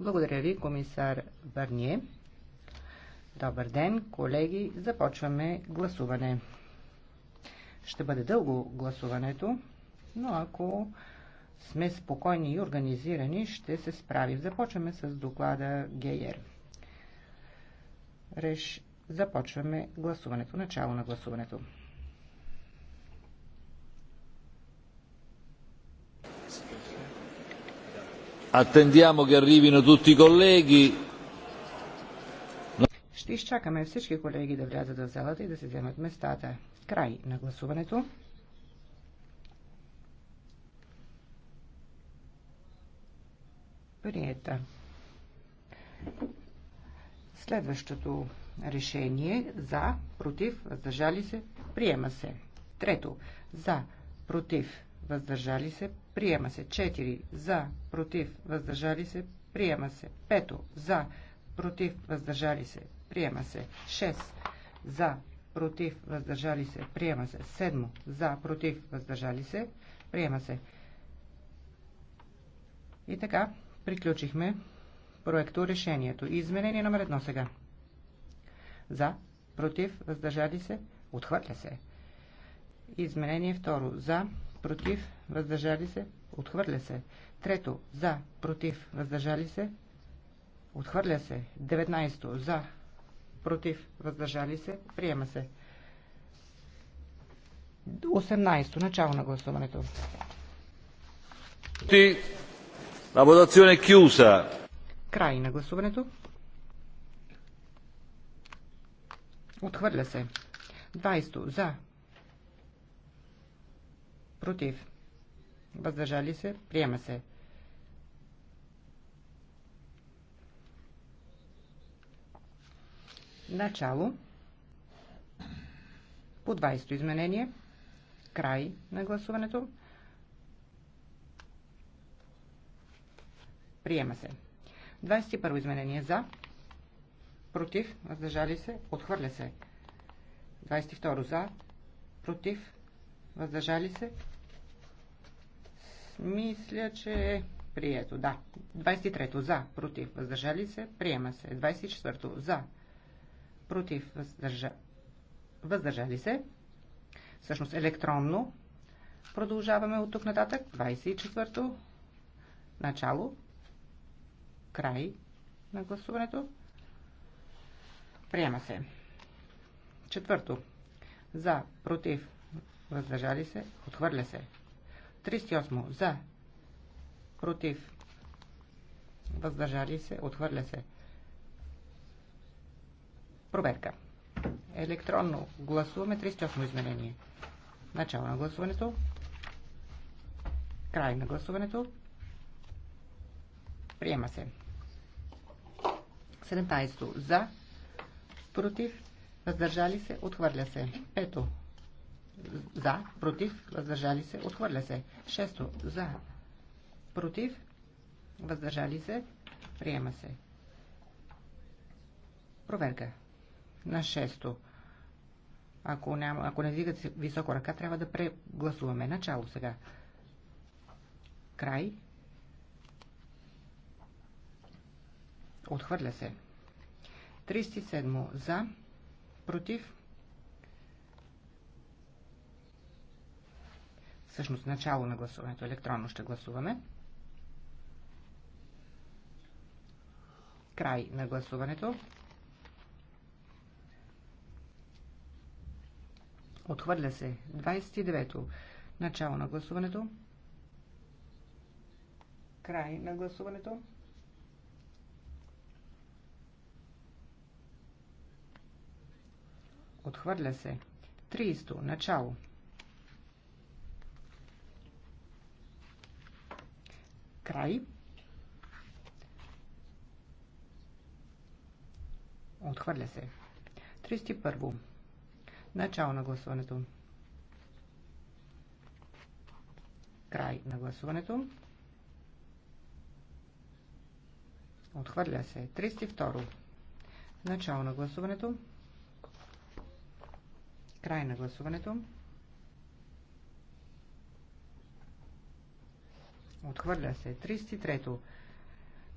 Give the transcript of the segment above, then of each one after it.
Благодаря ви, комисар Барние. Добър ден, колеги. Започваме гласуване. Ще бъде дълго гласуването, но ако сме спокойни и организирани, ще се справим. Започваме с доклада Гейер. Реш, започваме гласуването, начало на гласуването. Attendiamo che arrivino tutti i colleghi. Ще изчакаме всички колеги да влязат в залата и да се вземат местата. Край на гласуването. Приета. Следващото решение за, против, въздържали се, приема се. Трето, за, против, въздържали се, приема се. 4 за, против, въздържали се, приема се. 5 за, против, въздържали се, приема се. 6 за, против, въздържали се, приема се. 7 за, против, въздържали се, приема се. И така, приключихме проекто решението. Изменение номер едно сега. За, против, въздържали се, отхвърля се. Изменение второ. За, против, въздържали се, отхвърля се. Трето, за, против, въздържали се, отхвърля се. 19. За, против, въздържали се, приема се. 18. Начало на гласуването. Ти, la votazione Кюса. Край на гласуването. Отхвърля се. 20. За, Против. Въздържали се. Приема се. Начало. По 20-то изменение. Край на гласуването. Приема се. 21 изменение за. Против. Въздържали се. Отхвърля се. 22 за. Против. Въздържали се. Мисля, че е прието. Да. 23-то за, против, въздържали се, приема се. 24-то за, против, въздържа... въздържали се. Всъщност електронно. Продължаваме от тук нататък. 24-то. Начало. Край на гласуването. Приема се. Четвърто. За, против, въздържали се, отхвърля се. 38. За. Против. Въздържали се. Отхвърля се. Проверка. Електронно гласуваме 38 изменение. Начало на гласуването. Край на гласуването. Приема се. 17. За. Против. Въздържали се. Отхвърля се. Ето. За, против, въздържали се, отхвърля се. Шесто, за, против, въздържали се, приема се. Проверка. На шесто. Ако, няма, ако не вдигат високо ръка, трябва да прегласуваме. Начало сега. Край. Отхвърля се. 37. За. Против. Всъщност начало на гласуването. Електронно ще гласуваме. Край на гласуването. Отхвърля се. 29-то. Начало на гласуването. Край на гласуването. Отхвърля се. 30-то. Начало. край. Отхвърля се. 31. Начало на гласуването. Край на гласуването. Отхвърля се. 32. Начало на гласуването. Край на гласуването. Отхвърля се. 33-то.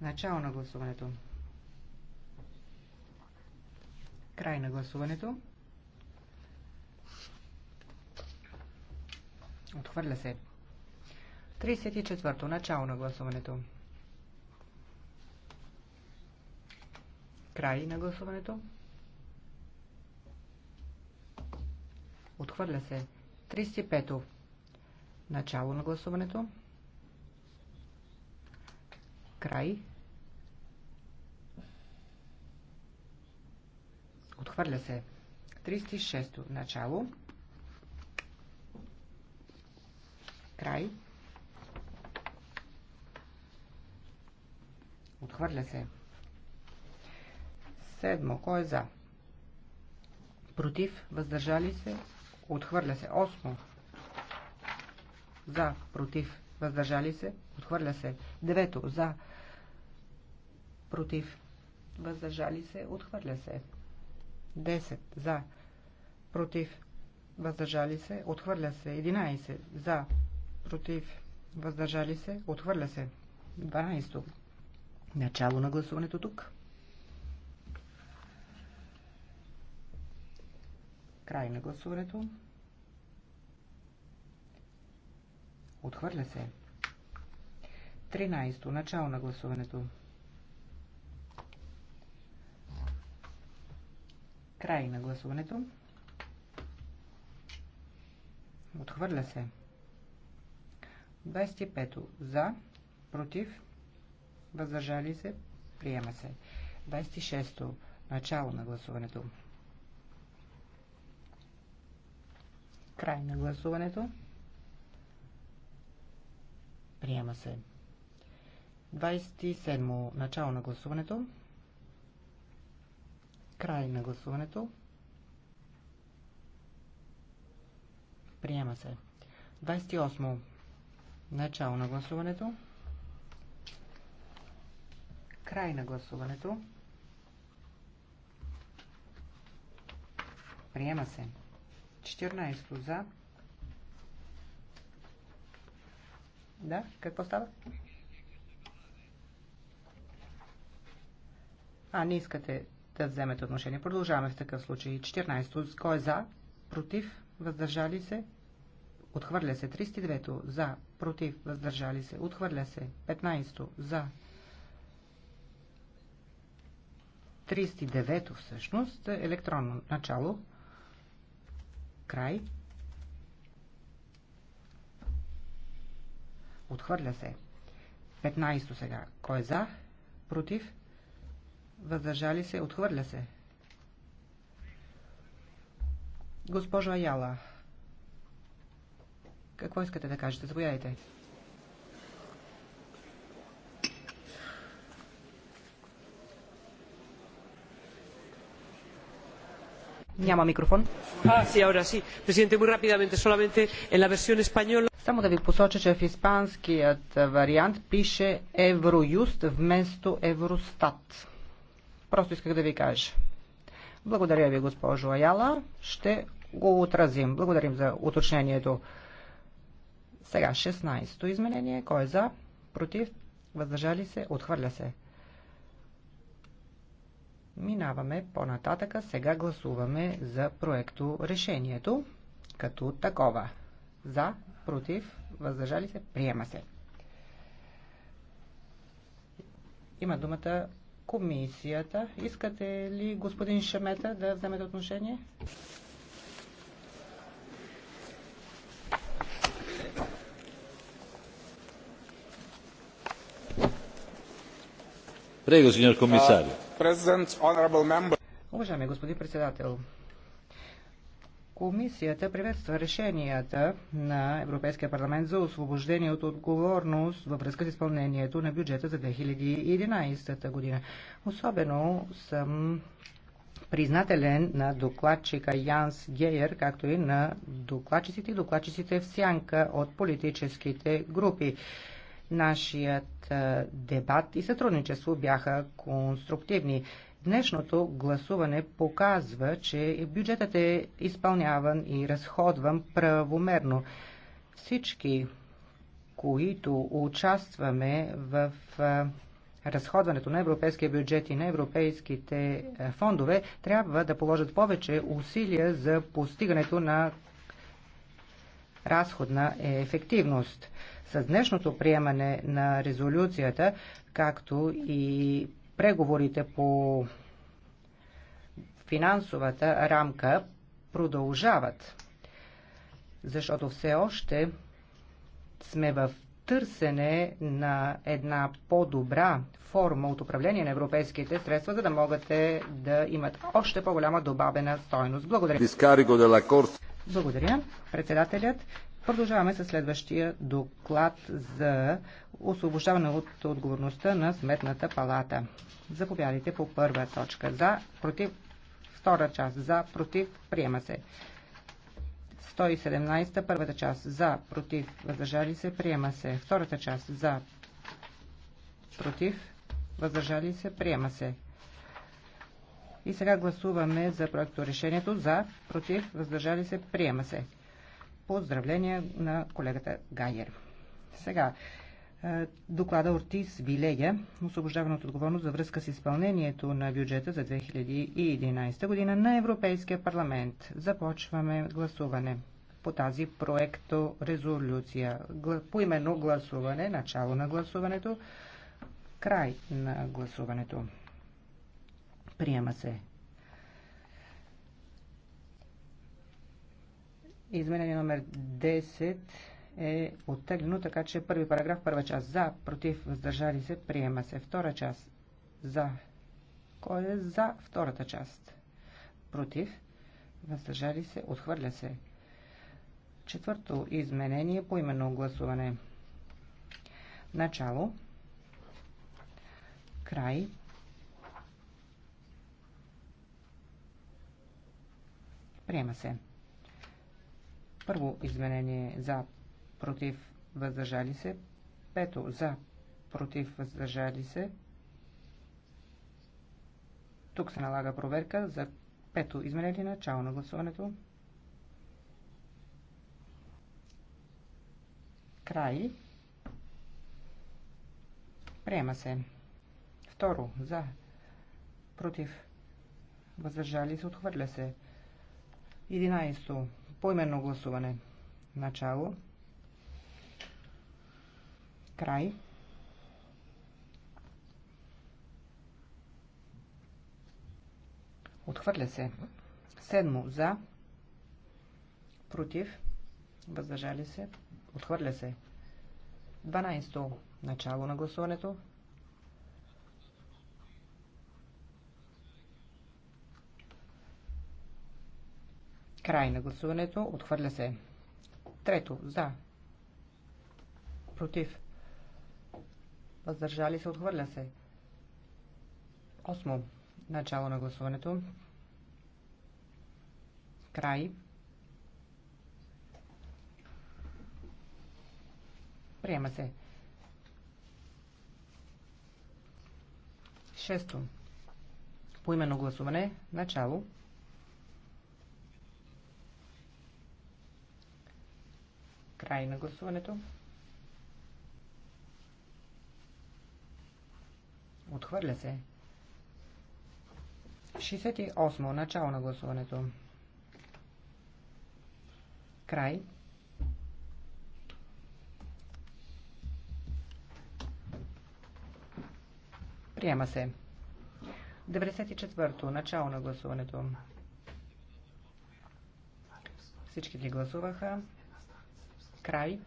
Начало на гласуването. Край на гласуването. Отхвърля се. 34-то. Начало на гласуването. Край на гласуването. Отхвърля се. 35-то. Начало на гласуването край. Отхвърля се. 36-то начало. Край. Отхвърля се. Седмо. Кой е за? Против. Въздържали се. Отхвърля се. Осмо. За. Против въздържали се, отхвърля се. Девето, за, против, въздържали се, отхвърля се. 10. За. Против. Въздържали се. Отхвърля се. 11. За. Против. Въздържали се. Отхвърля се. 12. Начало на гласуването тук. Край на гласуването. Отхвърля се. 13. Начало на гласуването. Край на гласуването. Отхвърля се. 25. За, против, въздържали се, приема се. 26. Начало на гласуването. Край на гласуването. Приема се. 27. Начало на гласуването. Край на гласуването. Приема се. 28. Начало на гласуването. Край на гласуването. Приема се. 14 за, Да, какво става? А, не искате да вземете отношение. Продължаваме в такъв случай. 14. то Кой е за? Против? Въздържали се? Отхвърля се. 39. За. Против? Въздържали се? Отхвърля се. 15. то За. 39 всъщност. Е електронно начало. Край. Отхвърля се. 15 сега. Кой е за? Против? Въздържали се? Отхвърля се. Госпожо Аяла, какво искате да кажете? Заповядайте. Няма микрофон. А, ah, sí, ahora sí. Presidente, muy rápidamente, solamente en la versión española. Само да ви посоча, че в испанският вариант пише Евроюст вместо Евростат. Просто исках да ви кажа. Благодаря ви, госпожо Аяла. Ще го отразим. Благодарим за уточнението. Сега 16-то изменение. Кой е за? Против? Въздържали се? Отхвърля се. Минаваме по-нататъка. Сега гласуваме за проекто решението като такова. За, против, въздържали се, приема се. Има думата комисията. Искате ли господин Шемета да вземете отношение? Прего, комисар. Uh, Уважаеми господин председател, Комисията приветства решенията на Европейския парламент за освобождение от отговорност във връзка с изпълнението на бюджета за 2011 година. Особено съм признателен на докладчика Янс Гейер, както и на докладчиците и докладчиците в сянка от политическите групи. Нашият дебат и сътрудничество бяха конструктивни. Днешното гласуване показва, че бюджетът е изпълняван и разходван правомерно. Всички, които участваме в разходването на европейския бюджет и на европейските фондове, трябва да положат повече усилия за постигането на разходна ефективност. С днешното приемане на резолюцията, както и преговорите по финансовата рамка продължават, защото все още сме в търсене на една по-добра форма от управление на европейските средства, за да могат да имат още по-голяма добавена стойност. Благодаря. Благодаря, председателят. Продължаваме с следващия доклад за освобождаване от отговорността на Сметната палата. Заповядайте по първа точка. За, против, втора част. За, против, приема се. 117, първата част. За, против, въздържали се, приема се. Втората част. За, против, въздържали се, приема се. И сега гласуваме за проекто решението за, против, въздържали се, приема се. Поздравления на колегата Гайер. Сега, е, доклада Ортис Вилея, освобождаван от отговорност за връзка с изпълнението на бюджета за 2011 година на Европейския парламент. Започваме гласуване по тази проекто резолюция. По именно гласуване, начало на гласуването, край на гласуването. Приема се Изменение номер 10 е оттеглено, така че първи параграф, първа част за, против, въздържали се, приема се. Втора част за. Кой е за втората част? Против, въздържали се, отхвърля се. Четвърто изменение по именно гласуване. Начало. Край. Приема се. Първо изменение за, против, въздържали се. Пето за, против, въздържали се. Тук се налага проверка за пето изменение начало на гласуването. Край. Приема се. Второ. За. Против. Въздържали се. Отхвърля се. 11. Поименно гласуване. Начало. Край. Отхвърля се. Седмо. За. Против. Въздържали се. Отхвърля се. 12. Начало на гласуването. Край на гласуването. Отхвърля се. Трето. За. Против. Въздържали се. Отхвърля се. Осмо. Начало на гласуването. Край. Приема се. Шесто. Поименно гласуване. Начало. Начало. Край на гласуването. Отхвърля се. 68. Начало на гласуването. Край. Приема се. 94. Начало на гласуването. Всички ги гласуваха? Край.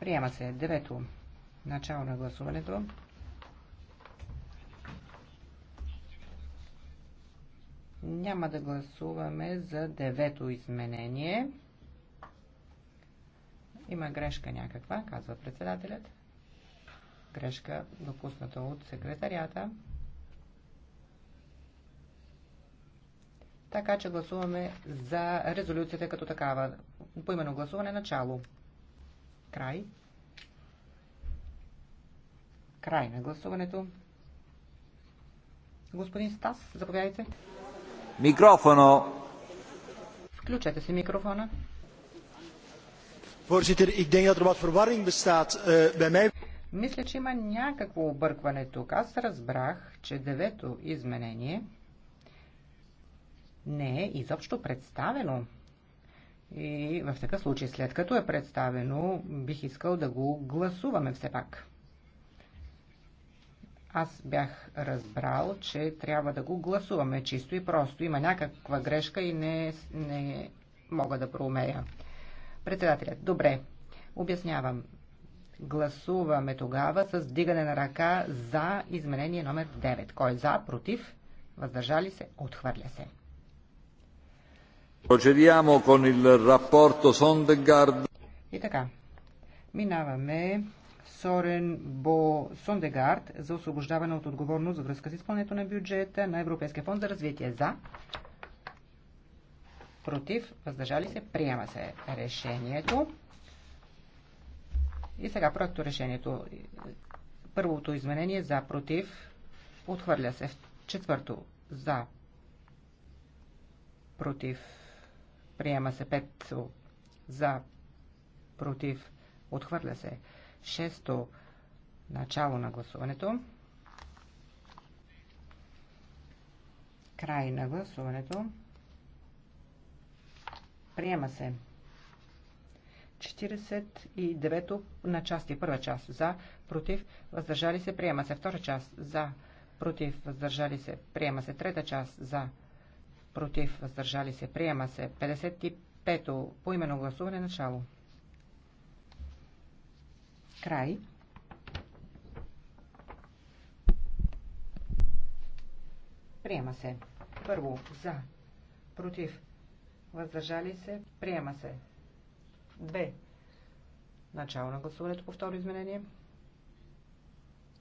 Приема се. Девето. Начало на гласуването. Няма да гласуваме за девето изменение. Има грешка някаква, казва председателят. Грешка допусната от секретарията. Така че гласуваме за резолюцията като такава. По именно гласуване начало. Край. Край на гласуването. Господин Стас, заповядайте. Микрофоно. Включете си микрофона. Voorzitter, ik denk dat er wat verwarring bestaat uh, bij mij. Мисля, че има някакво объркване тук. Аз разбрах, че девето изменение не е изобщо представено. И в такъв случай, след като е представено, бих искал да го гласуваме все пак. Аз бях разбрал, че трябва да го гласуваме чисто и просто. Има някаква грешка и не, не мога да проумея. Председателят, добре, обяснявам. Гласуваме тогава с дигане на ръка за изменение номер 9. Кой е за, против, въздържали се, отхвърля се. Procediamo con il rapporto Sondegard. И така, минаваме Сорен Бо Сондегард за освобождаване от отговорност за връзка с изпълнението на бюджета на Европейския фонд за развитие. За, против, въздържали се, приема се решението. И сега проекто решението. Първото изменение за, против, отхвърля се. Четвърто за, против, Приема се 5 за, против, отхвърля се. Шесто начало на гласуването. Край на гласуването. Приема се. 49 то на части. Първа част за, против, въздържали се, приема се. Втора част за, против, въздържали се, приема се. Трета част за, против, въздържали се, приема се. 55-то поименно гласуване начало. Край. Приема се. Първо, за, против, въздържали се, приема се. Две. Начало на гласуването по второ изменение.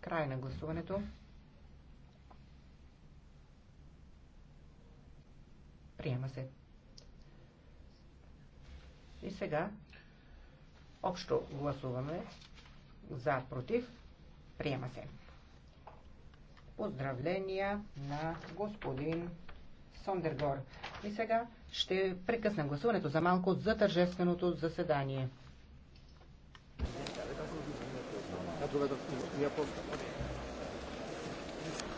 Край на гласуването. Приема се. И сега общо гласуваме за, против. Приема се. Поздравления на господин Сондергор. И сега ще прекъснем гласуването за малко за тържественото заседание. Gracias.